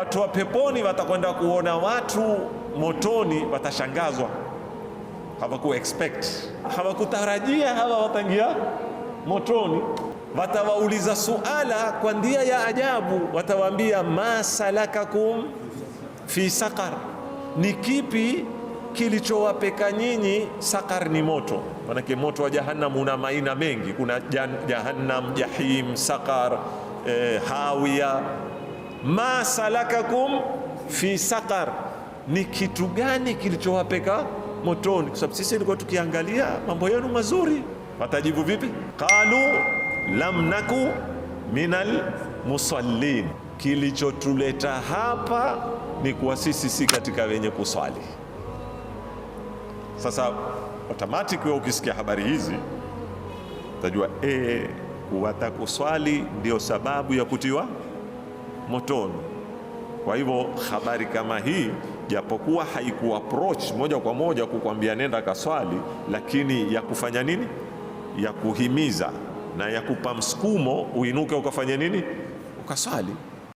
watu wa peponi watakwenda kuona watu motoni, watashangazwa. Hawaku expect hawakutarajia hawa watangia motoni. Watawauliza suala kwa ndia ya ajabu, watawaambia ma salakakum fi saqar, ni kipi kilichowapeka nyinyi? Saqar ni moto, manake moto wa jahannam una maina mengi, kuna jahannam, jahim, saqar, eh, hawia ma salakakum fi saqar, ni kitu gani kilichowapeka motoni? Kwa sababu sisi ilikuwa tukiangalia mambo yenu mazuri. Watajibu vipi? Qalu lam naku minal musallin, kilichotuleta hapa ni kuwa sisi si katika wenye kuswali. Sasa automatic wewe ukisikia habari hizi utajua eh, kuswali ndio sababu ya kutiwa motoni. Kwa hivyo habari kama hii japokuwa haiku approach moja kwa moja kukwambia nenda kaswali, lakini ya kufanya nini, ya kuhimiza na ya kupa msukumo uinuke ukafanya nini, ukaswali.